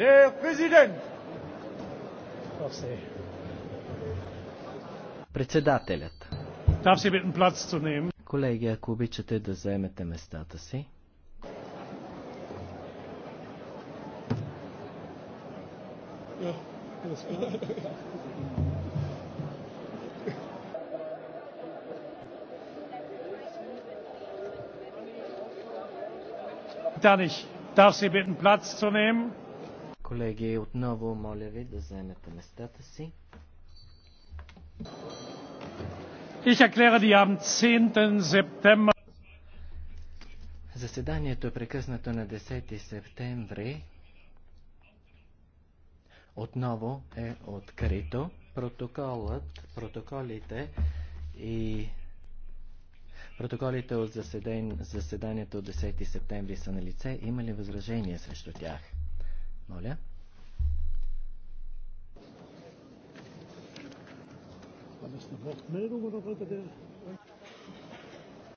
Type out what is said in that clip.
Der Präsident! Председателят. Колеги, ако обичате да заемете местата си. Dann ich darf Sie bitten, Platz zu nehmen. Колеги, отново моля ви да заемете местата си. Ich erkläre die am 10. September. Заседанието е прекъснато на 10 септември. Отново е открито. Протоколът, протоколите и Протоколите от заседанието от 10 септември са на лице. Има ли възражения срещу тях? Моля. War das eine Wortmeldung oder wollte der